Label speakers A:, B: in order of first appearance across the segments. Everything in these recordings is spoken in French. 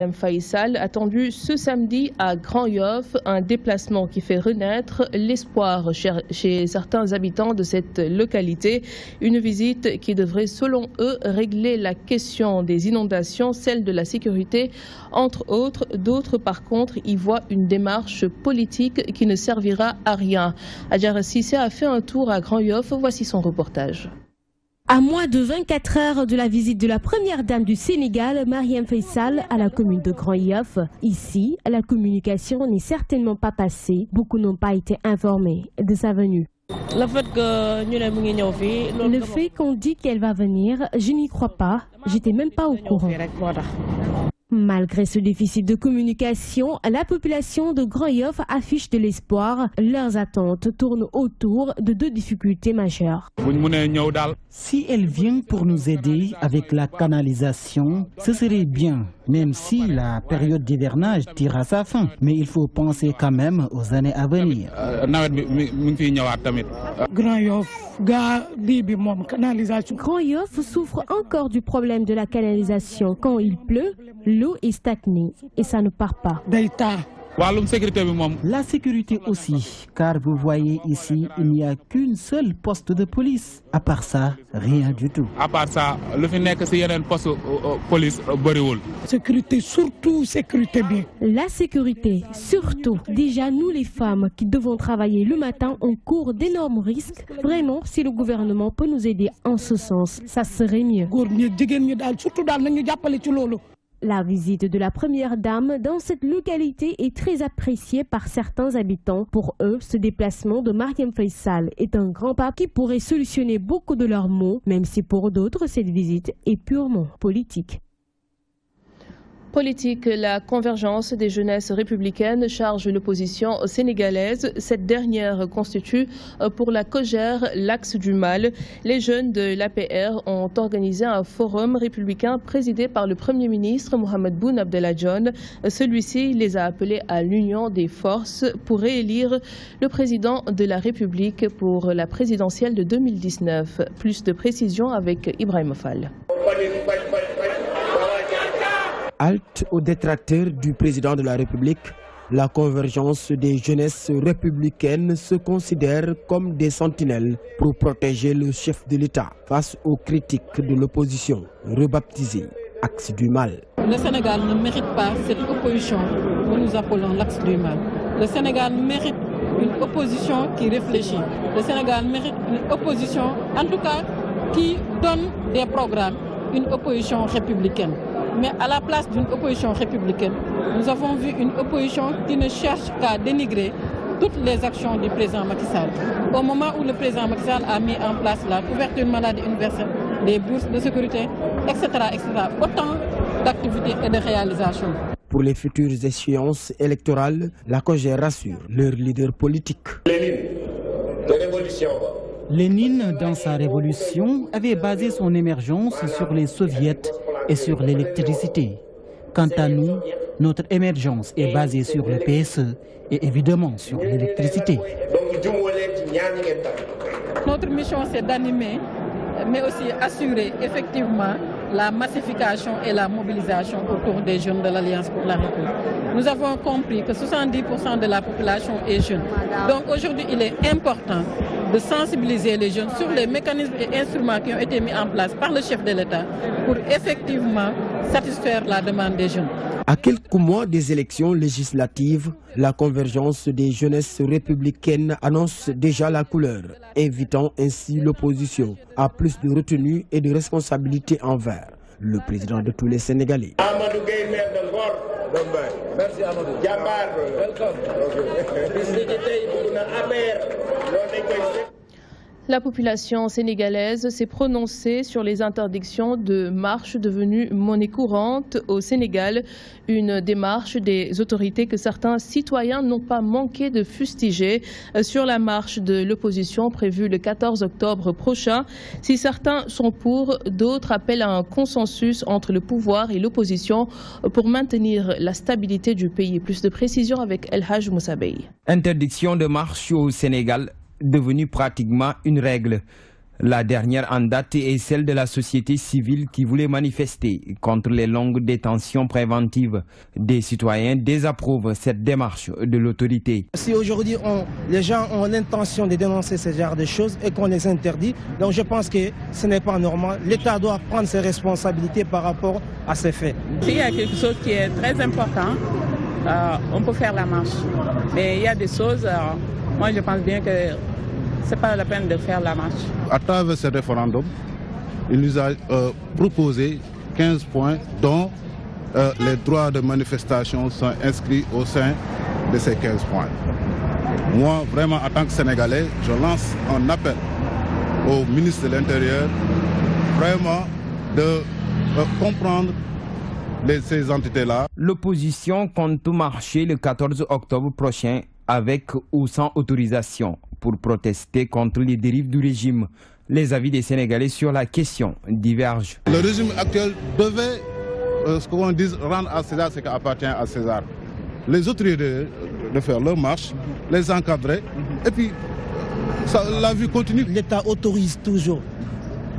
A: M. Faisal attendu ce samedi à Grand Yoff, un déplacement qui fait renaître l'espoir chez certains habitants de cette localité. Une visite qui devrait, selon eux, régler la question des inondations, celle de la sécurité, entre autres. D'autres, par contre, y voient une démarche politique qui ne servira à rien. Adjara Sissé a fait un tour à Grand Yoff. Voici son reportage.
B: À moins de 24 heures de la visite de la première dame du Sénégal, Mariam Faisal, à la commune de Grand Yoff, ici, la communication n'est certainement pas passée. Beaucoup n'ont pas été informés de sa venue. Le fait qu'on dit qu'elle va venir, je n'y crois pas. J'étais même pas au courant. Malgré ce déficit de communication, la population de Groyov affiche de l'espoir. Leurs attentes tournent autour de deux difficultés majeures.
C: Si
D: elle vient pour nous aider avec la canalisation, ce serait bien, même si la période d'hivernage tire à sa fin. Mais il faut penser quand même aux années à venir.
C: Euh,
B: Groyov souffre encore du problème de la canalisation. Quand il pleut, est stagnée et ça ne part pas.
C: Delta, La sécurité aussi,
D: car vous voyez ici, il n'y a qu'une seule poste de police. À part ça, rien
C: du tout. À part ça, le poste euh, euh, police euh,
D: Sécurité,
B: surtout sécurité bien. La sécurité, surtout. Déjà, nous les femmes qui devons travailler le matin, on court d'énormes risques. Vraiment, si le gouvernement peut nous aider en ce sens, ça serait mieux. La visite de la première dame dans cette localité est très appréciée par certains habitants. Pour eux, ce déplacement de Mariam Faisal est un grand pas qui pourrait solutionner beaucoup de leurs maux, même si pour d'autres, cette visite est purement politique
A: politique, la convergence des jeunesses républicaines charge l'opposition sénégalaise. Cette dernière constitue euh, pour la Cogère l'axe du mal. Les jeunes de l'APR ont organisé un forum républicain présidé par le Premier ministre Mohamed Boun Abdelajon. Celui-ci les a appelés à l'union des forces pour réélire le président de la République pour la présidentielle de 2019. Plus de précisions avec Ibrahim Fall
E: halte aux détracteurs du président de la République. La convergence des jeunesses républicaines se considère comme des sentinelles pour protéger le chef de l'État face aux critiques de l'opposition, rebaptisée Axe du Mal.
F: Le Sénégal ne mérite pas cette opposition que nous appelons l'Axe du Mal. Le Sénégal mérite une opposition qui réfléchit. Le Sénégal mérite une opposition, en tout cas, qui donne des programmes, une opposition républicaine. Mais à la place d'une opposition républicaine, nous avons vu une opposition qui ne cherche qu'à dénigrer toutes les actions du président Macky Sall. Au moment où le président Macky Sall a mis en place la couverture malade universelle, les bourses de sécurité, etc., etc. Autant d'activités et de réalisations.
E: Pour les futures échéances électorales, la COGE rassure leur leader politique.
G: Lénine, révolution.
D: Lénine, dans sa révolution, avait basé son émergence sur les soviets et sur l'électricité. Quant à nous, notre émergence est basée sur le PSE et évidemment sur l'électricité.
F: Notre mission, c'est d'animer, mais aussi assurer effectivement la massification et la mobilisation autour des jeunes de l'Alliance pour la République. Nous avons compris que 70% de la population est jeune. Donc aujourd'hui, il est important de sensibiliser les jeunes sur les mécanismes et instruments qui ont été mis en place par le chef de l'État pour effectivement satisfaire la demande des jeunes.
E: À quelques mois des élections législatives, la convergence des jeunesses républicaines annonce déjà la couleur, évitant ainsi l'opposition à plus de retenue et de responsabilité envers le président de tous les Sénégalais.
G: Bombay. merci Amadou. jàmbaar. welcome. bis ni ci tey dugg na APR. loolu dañ koy
A: La population sénégalaise s'est prononcée sur les interdictions de marche devenues monnaie courante au Sénégal, une démarche des autorités que certains citoyens n'ont pas manqué de fustiger euh, sur la marche de l'opposition prévue le 14 octobre prochain. Si certains sont pour, d'autres appellent à un consensus entre le pouvoir et l'opposition pour maintenir la stabilité du pays. Plus de précision avec El Haj Moussabey.
E: Interdiction de marche au Sénégal devenue pratiquement une règle. La dernière en date est celle de la société civile qui voulait manifester contre les longues détentions préventives. Des citoyens désapprouve cette démarche de l'autorité.
H: Si aujourd'hui les gens ont l'intention de dénoncer ce genre de choses et qu'on les interdit, donc je pense que ce n'est pas normal. L'État doit prendre ses responsabilités par rapport à ces faits.
F: S'il y a quelque chose qui est très important, euh, on peut faire la marche. Mais il y a des choses, euh, moi je pense bien que c'est pas la peine de faire la marche.
C: À travers ce référendum, il nous a euh, proposé 15 points dont euh, les droits de manifestation sont inscrits au sein de ces 15 points. Moi, vraiment, en tant que Sénégalais, je lance un appel au ministre de l'Intérieur vraiment de euh, comprendre ces entités-là.
E: L'opposition compte tout marcher le 14 octobre prochain avec ou sans autorisation pour protester contre les dérives du régime. Les avis des Sénégalais sur la question divergent.
C: Le régime actuel devait, euh, ce qu'on dit, rendre à César ce qui appartient à César. Les autres de faire leur marche, les encadrer,
H: et puis euh, la vue continue. L'État autorise toujours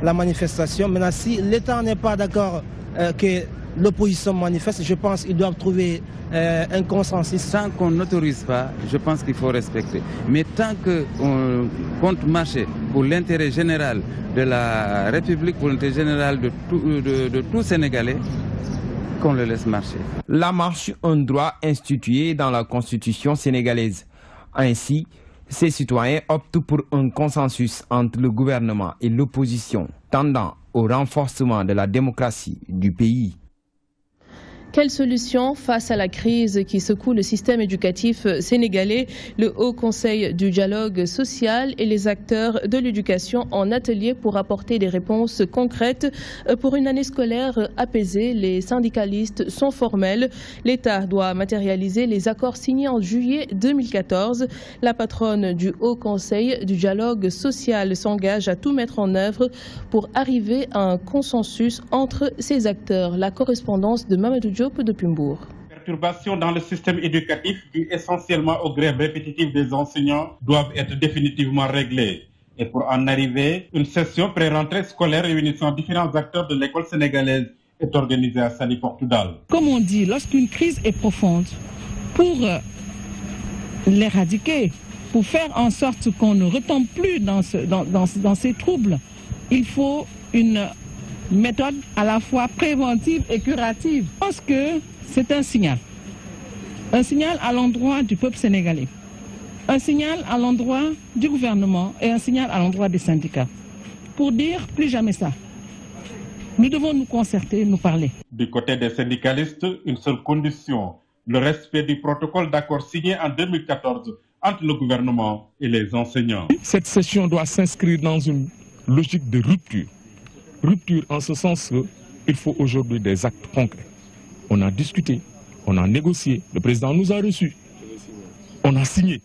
H: la manifestation. Maintenant, si l'État n'est pas d'accord euh, que l'opposition manifeste, je pense qu'ils doivent trouver euh, un consensus. sans qu'on n'autorise
E: pas, je pense qu'il faut respecter. Mais tant qu'on euh, compte marcher pour l'intérêt général de la République, pour l'intérêt général de tout, de, de Sénégalais, qu'on le laisse marcher. La marche, un droit institué dans la constitution sénégalaise. Ainsi, ces citoyens optent pour un consensus entre le gouvernement et l'opposition, tendant au renforcement de la démocratie du pays.
A: Quelle solution face à la crise qui secoue le système éducatif sénégalais Le Haut Conseil du dialogue social et les acteurs de l'éducation en atelier pour apporter des réponses concrètes pour une année scolaire apaisée. Les syndicalistes sont formels. L'État doit matérialiser les accords signés en juillet 2014. La patronne du Haut Conseil du dialogue social s'engage à tout mettre en œuvre pour arriver à un consensus entre ces acteurs. La correspondance de Mamadou Diop de
C: perturbations dans le système éducatif dues essentiellement au grève répétitives des enseignants doivent être définitivement réglées. Et pour en arriver, une session pré-rentrée scolaire réunissant différents acteurs de l'école sénégalaise est organisée à Sali Portugal. Comme on dit, lorsqu'une
F: crise est profonde, pour euh, l'éradiquer, pour faire en sorte qu'on ne retombe plus dans, ce, dans, dans, dans ces troubles, il faut une méthode à la fois préventive et curative. Je pense que c'est un signal. Un signal à l'endroit du peuple sénégalais. Un signal à l'endroit du gouvernement et un signal à l'endroit des syndicats. Pour dire plus jamais ça. Nous devons nous concerter, nous parler.
C: Du côté des syndicalistes, une seule condition, le respect du protocole d'accord signé en 2014 entre le gouvernement et les enseignants. Cette session doit s'inscrire dans une logique de rupture rupture en ce sens qu'il faut aujourd'hui des actes concrets. On a discuté, on a négocié, le président nous a reçus, on a signé.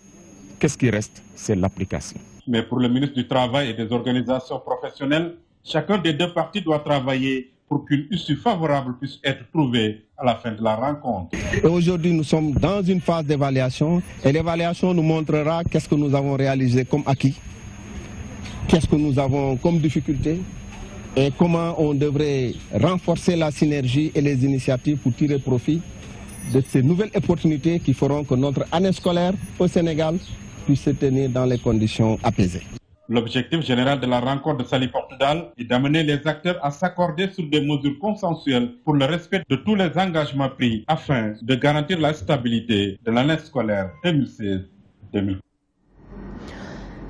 C: Qu'est-ce qui reste C'est l'application. Mais pour le ministre du Travail et des organisations professionnelles, chacun des deux partis doit travailler pour qu'une issue favorable puisse être trouvée à la fin de la rencontre.
G: Et Aujourd'hui, nous sommes dans une phase d'évaluation et l'évaluation nous montrera qu'est-ce que nous avons réalisé comme acquis, qu'est-ce que nous avons comme difficulté, et comment on devrait renforcer la synergie et les initiatives pour tirer profit de ces nouvelles opportunités qui feront que notre année scolaire au Sénégal puisse se tenir dans les conditions apaisées.
C: L'objectif général de la rencontre de Sali Portugal est d'amener les acteurs à s'accorder sur des mesures consensuelles pour le respect de tous les engagements pris afin de garantir la stabilité de l'année scolaire 2016-2017.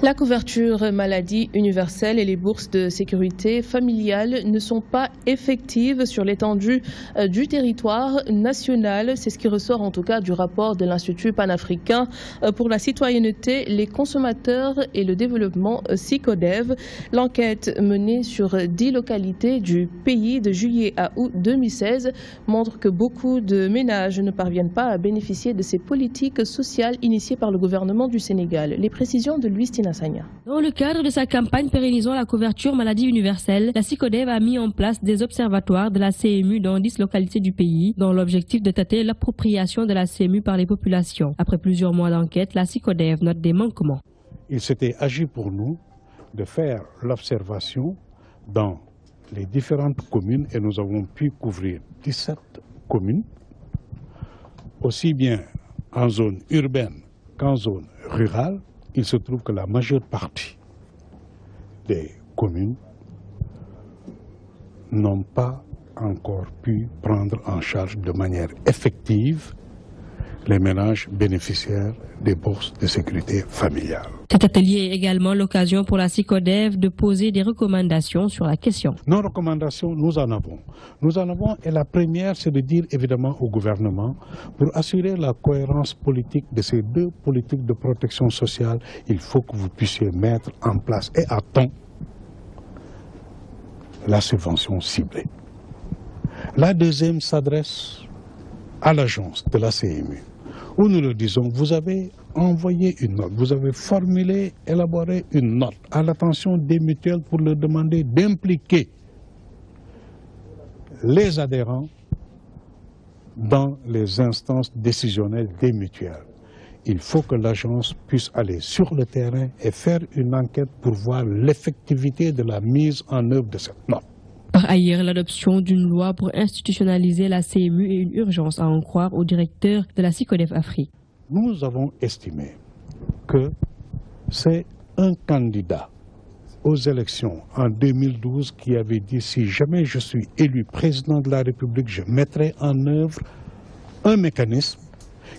A: La couverture maladie universelle et les bourses de sécurité familiale ne sont pas effectives sur l'étendue euh, du territoire national. C'est ce qui ressort en tout cas du rapport de l'Institut panafricain euh, pour la citoyenneté, les consommateurs et le développement euh, SICODEV. L'enquête menée sur 10 localités du pays de juillet à août 2016 montre que beaucoup de ménages ne parviennent pas à bénéficier de ces politiques sociales initiées par le gouvernement du Sénégal. Les précisions de Louis
B: dans le cadre de sa campagne pérennisant la couverture maladie universelle, la SICODEV a mis en place des observatoires de la CMU dans 10 localités du pays, dans l'objectif de tâter l'appropriation de la CMU par les populations. Après plusieurs mois d'enquête, la SICODEV note des manquements.
I: Il s'était agi pour nous de faire l'observation dans les différentes communes et nous avons pu couvrir 17 communes, aussi bien en zone urbaine qu'en zone rurale il se trouve que la majeure partie des communes n'ont pas encore pu prendre en charge de manière effective les ménages bénéficiaires des bourses de sécurité familiale.
B: Cet atelier est également l'occasion pour la CICODEV de poser des recommandations sur la question.
I: Nos recommandations, nous en avons. Nous en avons et la première, c'est de dire évidemment au gouvernement, pour assurer la cohérence politique de ces deux politiques de protection sociale, il faut que vous puissiez mettre en place et à temps la subvention ciblée. La deuxième s'adresse à l'agence de la CMU où nous le disons, vous avez envoyé une note, vous avez formulé, élaboré une note à l'attention des mutuelles pour leur demander d'impliquer les adhérents dans les instances décisionnelles des mutuelles. Il faut que l'agence puisse aller sur le terrain et faire une enquête pour voir l'effectivité de la mise en œuvre de cette note
B: ailleurs, l'adoption d'une loi pour institutionnaliser la CMU est une urgence à en croire au directeur de la CICODEF Afrique.
I: Nous avons estimé que c'est un candidat aux élections en 2012 qui avait dit si jamais je suis élu président de la République, je mettrai en œuvre un mécanisme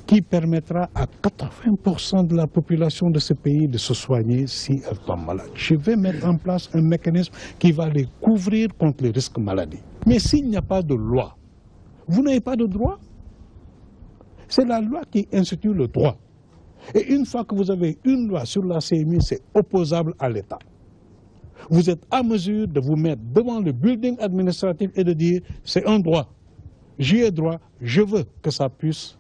I: qui permettra à 80% de la population de ce pays de se soigner si elle tombe malade. Je vais mettre en place un mécanisme qui va les couvrir contre les risques maladie. Mais s'il n'y a pas de loi, vous n'avez pas de droit. C'est la loi qui institue le droit. Et une fois que vous avez une loi sur la CMI, c'est opposable à l'État. Vous êtes à mesure de vous mettre devant le building administratif et de dire c'est un droit. J'y ai droit, je veux que ça puisse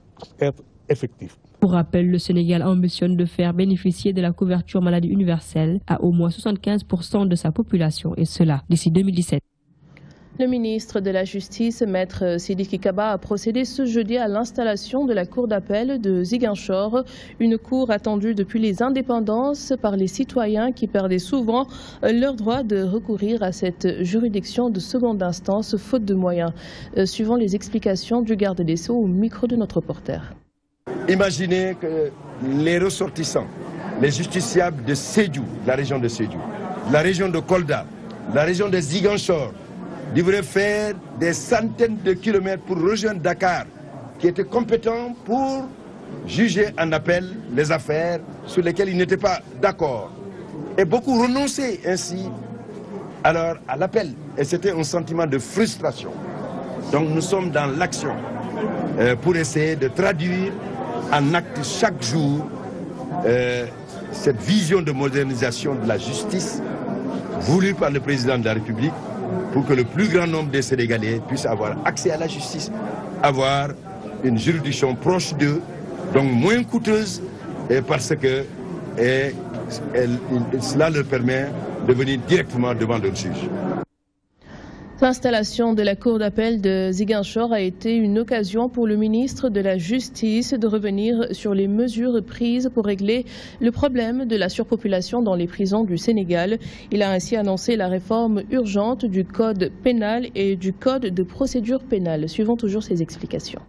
B: pour rappel, le Sénégal ambitionne de faire bénéficier de la couverture maladie universelle à au moins 75% de sa population, et cela d'ici 2017.
A: Le ministre de la Justice, Maître Sidi Kikaba, a procédé ce jeudi à l'installation de la Cour d'appel de Ziguinchor, une cour attendue depuis les indépendances par les citoyens qui perdaient souvent leur droit de recourir à cette juridiction de seconde instance faute de moyens. Euh, suivant les explications du garde des Sceaux au micro de notre reporter.
G: Imaginez que les ressortissants, les justiciables de Sédou, la région de Sédou, la région de Kolda, la région de Ziganchor, devrait faire des centaines de kilomètres pour rejoindre Dakar, qui était compétent pour juger en appel les affaires sur lesquelles il n'était pas d'accord. Et beaucoup renonçaient ainsi alors à l'appel. Et c'était un sentiment de frustration. Donc nous sommes dans l'action euh, pour essayer de traduire en acte chaque jour euh, cette vision de modernisation de la justice voulue par le président de la République pour que le plus grand nombre de Sénégalais puissent avoir accès à la justice, avoir une juridiction proche d'eux, donc moins coûteuse, et parce que cela leur permet de venir directement devant le juge.
A: L'installation de la Cour d'appel de Ziguinchor a été une occasion pour le ministre de la Justice de revenir sur les mesures prises pour régler le problème de la surpopulation dans les prisons du Sénégal. Il a ainsi annoncé la réforme urgente du Code pénal et du Code de procédure pénale. Suivons toujours ses explications.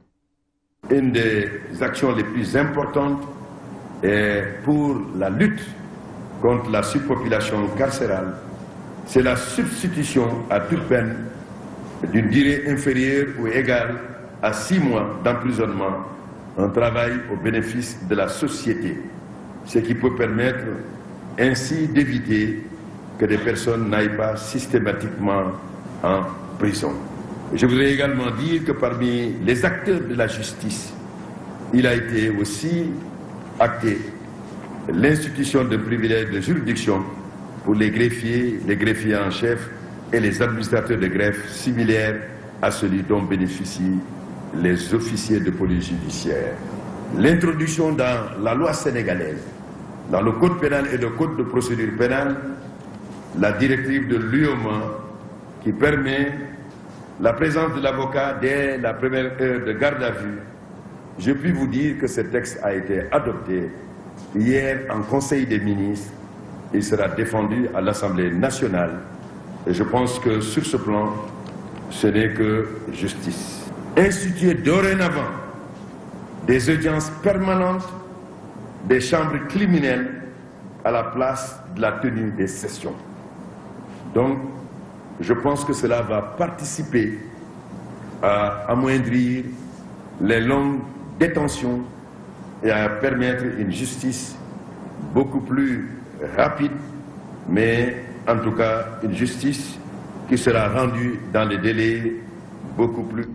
G: Une des actions les plus importantes est pour la lutte contre la surpopulation carcérale c'est la substitution à toute peine d'une durée inférieure ou égale à six mois d'emprisonnement en travail au bénéfice de la société, ce qui peut permettre ainsi d'éviter que des personnes n'aillent pas systématiquement en prison. Je voudrais également dire que parmi les acteurs de la justice, il a été aussi acté l'institution de privilège de juridiction pour les greffiers, les greffiers en chef et les administrateurs de greffe similaires à celui dont bénéficient les officiers de police judiciaire. L'introduction dans la loi sénégalaise, dans le code pénal et le code de procédure pénale, la directive de l'UOMA qui permet la présence de l'avocat dès la première heure de garde à vue, je puis vous dire que ce texte a été adopté hier en Conseil des ministres il sera défendu à l'Assemblée nationale. Et je pense que sur ce plan, ce n'est que justice. Instituer dorénavant des audiences permanentes des chambres criminelles à la place de la tenue des sessions. Donc, je pense que cela va participer à amoindrir les longues détentions et à permettre une justice beaucoup plus rapide, mais en tout cas une justice qui sera rendue dans les délais beaucoup plus...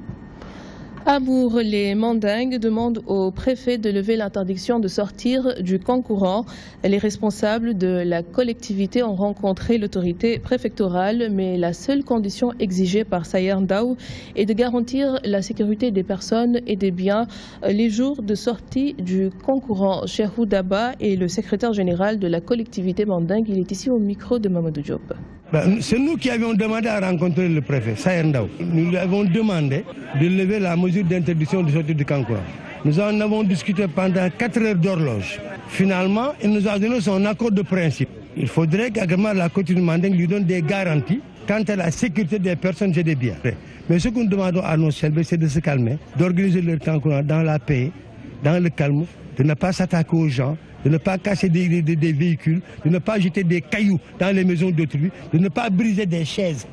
A: Amour, les mandingues demandent au préfet de lever l'interdiction de sortir du concourant. courant. Les responsables de la collectivité ont rencontré l'autorité préfectorale, mais la seule condition exigée par Sayer Ndao est de garantir la sécurité des personnes et des biens euh, les jours de sortie du camp courant. Cherhou Daba est le secrétaire général de la collectivité mandingue. Il est ici au micro de Mamadou Diop.
H: Bah, c'est nous qui avions demandé à rencontrer le préfet, Sayendao. Nous lui avons demandé de lever la mesure d'interdiction de sortie du Cancoura. Nous en avons discuté pendant 4 heures d'horloge. Finalement, il nous a donné son accord de principe. Il faudrait qu'agrément la Côte du Manding lui donne des garanties quant à la sécurité des personnes et des biens. Mais ce que nous demandons à nos services, c'est de se calmer, d'organiser le temps dans la paix, dans le calme, de ne pas s'attaquer aux gens, de ne pas casser des, véhicules, de ne pas jeter des cailloux dans les maisons d'autrui, de ne pas briser des chaises.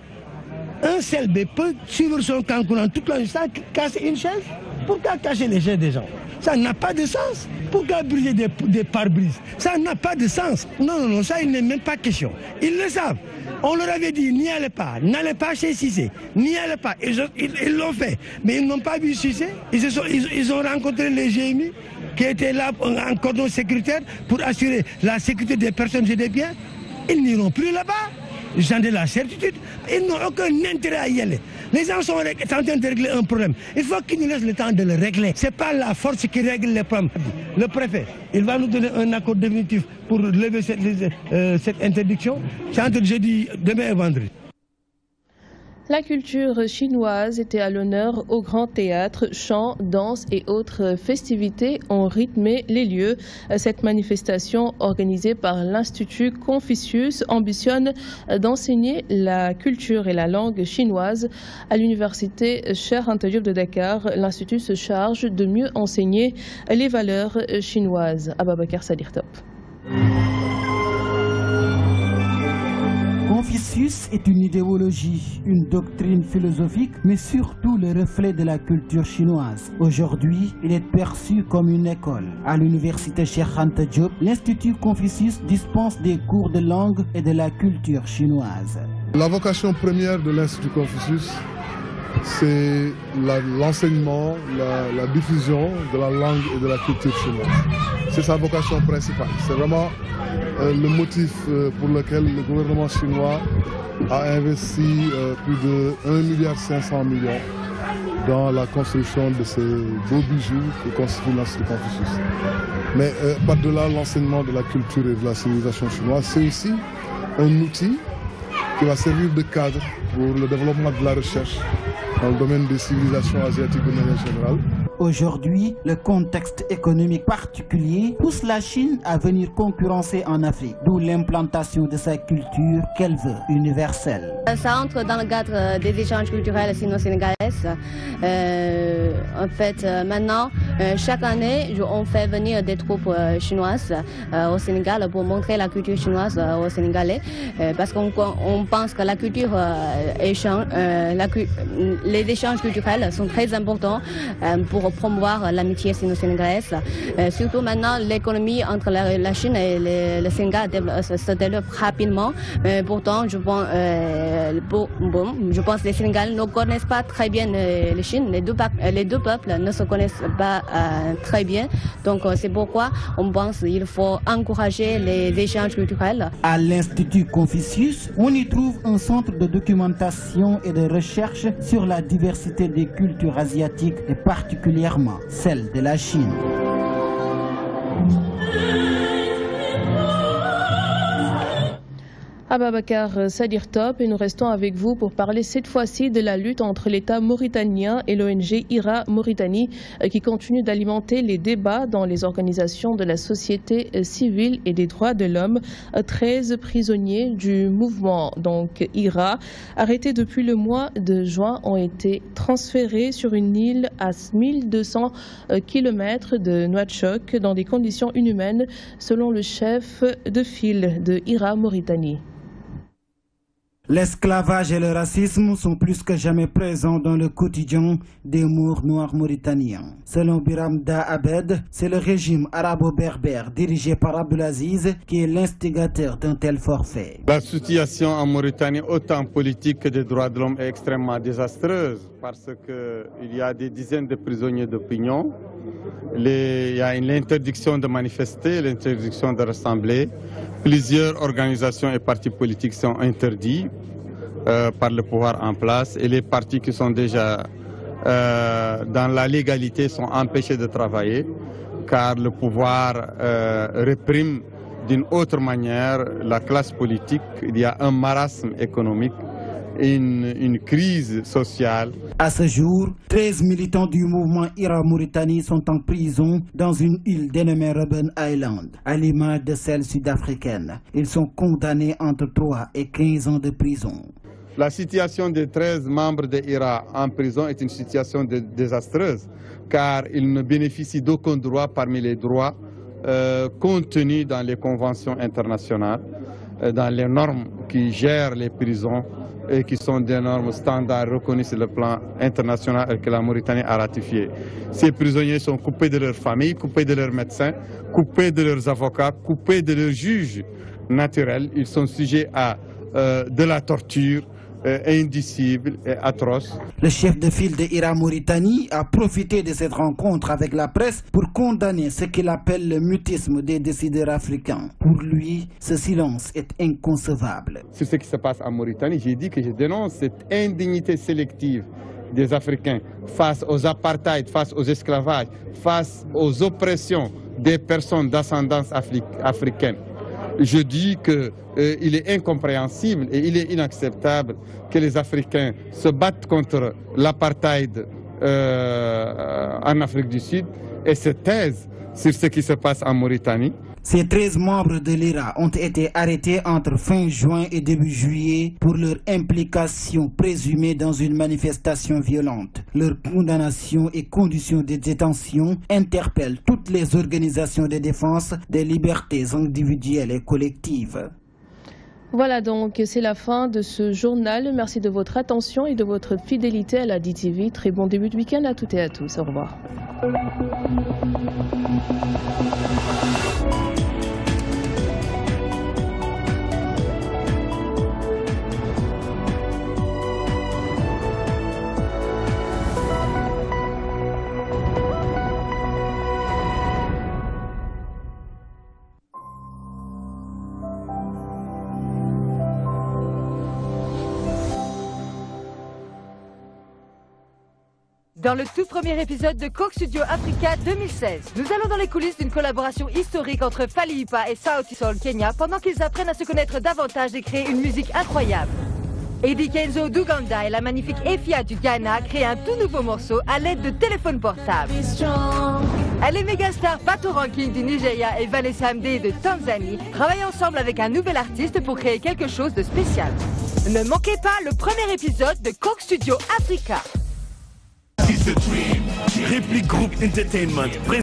H: Un seul peut suivre son concurrent toute la sans casser une chaise. Pourquoi casser les chaises des gens Ça n'a pas de sens. Pourquoi briser des, des pare-brises Ça n'a pas de sens. Non, non, non, ça, il n'est même pas question. Ils le savent. On leur avait dit, n'y allez pas, n'allez pas chez Cissé, n'y allez pas. Ils l'ont fait, mais ils n'ont pas vu Cissé. Ils, ont rencontré les GMI qui étaient là en cordon sécuritaire pour assurer la sécurité des personnes et des biens. Ils n'iront plus là-bas. J'en ai la certitude. Ils n'ont aucun intérêt à y aller. Les gens sont, en train de régler un problème. Il faut qu'ils nous laissent le temps de le régler. Ce n'est pas la force qui règle les problèmes. Le préfet, il va nous donner un accord définitif pour lever cette, euh, cette interdiction. C'est entre jeudi, demain et vendredi.
A: La culture chinoise était à l'honneur au grand théâtre. Chants, danses et autres festivités ont rythmé les lieux. Cette manifestation organisée par l'Institut Confucius ambitionne d'enseigner la culture et la langue chinoise à l'université Cher Diop de Dakar. L'Institut se charge de mieux enseigner les valeurs chinoises. Ababakar Sadir Top.
D: Confucius est une idéologie, une doctrine philosophique, mais surtout le reflet de la culture chinoise. Aujourd'hui, il est perçu comme une école. À l'université Cheikh Anta l'Institut Confucius dispense des cours de langue et de la culture chinoise.
G: La vocation première de l'Institut Confucius c'est l'enseignement, la, diffusion de la langue et de la culture chinoise. C'est sa vocation principale. C'est vraiment euh, le motif euh, pour lequel le gouvernement chinois a investi euh, plus de 1,5 milliard dans la construction de ces beaux bijoux que constitue l'Institut Confucius. Mais par-delà l'enseignement de la culture et de la civilisation chinoise, c'est aussi un outil qui va servir de cadre pour le développement de la recherche dans le domaine des civilisations asiatiques de manière générale. Aujourd'hui,
D: le contexte économique particulier pousse la Chine à venir concurrencer en Afrique, d'où l'implantation de sa culture qu'elle veut universelle.
B: Ça entre dans le cadre des échanges culturels sino-sénégalais euh, en fait, euh, maintenant, euh, chaque année, on fait venir des troupes chinoises au Sénégal pour montrer la culture chinoise aux Sénégalais, parce qu'on pense que la culture les échanges culturels sont très importants pour promouvoir l'amitié sino-sénégalaise. surtout maintenant, l'économie entre la, Chine et le, Sénégal se développe rapidement. pourtant, je pense, je pense que les Sénégalais ne connaissent pas très bien euh, les deux, peuples ne se connaissent pas euh, très bien. Donc euh, c'est pourquoi on pense qu'il faut encourager les échanges
A: culturels.
D: À l'Institut Confucius, on y trouve un centre de documentation et de recherche sur la diversité des cultures asiatiques et particulièrement celle de la Chine.
A: Ababakar Sadir Top, et nous restons avec vous pour parler cette fois-ci de la lutte entre l'État mauritanien et l'ONG IRA Mauritanie euh, qui continue d'alimenter les débats dans les organisations de la société euh, civile et des droits de l'homme. 13 euh, prisonniers du mouvement donc IRA arrêtés depuis le mois de juin ont été transférés sur une île à 1200 km de Nouakchott dans des conditions inhumaines selon le chef de file de IRA Mauritanie.
D: L'esclavage et le racisme sont plus que jamais présents dans le quotidien des Mours noirs mauritaniens. Selon Biramda Abed, c'est le régime arabo-berbère dirigé par Aziz qui est l'instigateur d'un tel forfait.
J: La situation en Mauritanie, autant politique que des droits de l'homme, est extrêmement désastreuse parce qu'il y a des dizaines de prisonniers d'opinion, il y a interdiction de manifester, l'interdiction de rassembler. Plusieurs organisations et partis politiques sont interdits euh, par le pouvoir en place et les partis qui sont déjà euh, dans la légalité sont empêchés de travailler car le pouvoir euh, réprime d'une autre manière la classe politique. Il y a un marasme économique une, crise sociale.
D: À ce jour, 13 militants du mouvement ira mauritanie sont en prison dans une île dénommée Robben Island, à l'image de celle sud-africaine. Ils sont condamnés entre 3 et 15
J: ans de prison. La situation des 13 membres de IRA en prison est une situation désastreuse car ils ne bénéficient d'aucun droit parmi les droits euh, contenus dans les conventions internationales, euh, dans les normes qui gèrent les prisons et qui sont des normes standards reconnues sur le plan international et que la Mauritanie a ratifié. Ces prisonniers sont coupés de leur famille, coupés de leurs médecins, coupés de leurs avocats, coupés de leurs juges naturels. Ils sont sujets à euh, de la torture, euh, indicible et atroce. Le chef de file de Ira Mauritanie a profité de cette rencontre avec la
D: presse pour condamner ce qu'il appelle le mutisme des décideurs africains.
J: Pour lui,
D: ce silence est inconcevable.
J: Sur ce qui se passe en Mauritanie, j'ai dit que je dénonce cette indignité sélective des Africains face aux apartheid, face aux esclavages, face aux oppressions des personnes d'ascendance africaine je dis qu'il euh, est incompréhensible et il est inacceptable que les Africains se battent contre l'apartheid euh, en Afrique du Sud et se taisent sur ce qui se passe en Mauritanie. Ces 13 membres de l'IRA ont été
D: arrêtés entre fin juin et début juillet pour leur implication présumée dans une manifestation violente. Leur condamnation et condition de détention interpellent toutes les organisations de défense des libertés individuelles et collectives.
A: Voilà donc, c'est la fin de ce journal. Merci de votre attention et de votre fidélité à la DTV. Très bon début de week-end à toutes et à tous. Au revoir.
D: dans le tout premier épisode de Coke Studio Africa 2016. Nous allons dans les coulisses d'une collaboration historique entre Faliipa et Sauti Sol Kenya pendant qu'ils apprennent à se connaître davantage et créer une musique incroyable. Eddie Kenzo d'Ouganda et la magnifique Efia du Ghana créent un tout nouveau morceau à l'aide de téléphones portables. Elle est mégastar Pato Ranking du Nigeria et Vanessa MD de Tanzanie travaillent ensemble avec un nouvel artiste pour créer quelque chose de spécial. Ne manquez pas le premier épisode de Coke Studio Africa.
G: Réplique Group Entertainment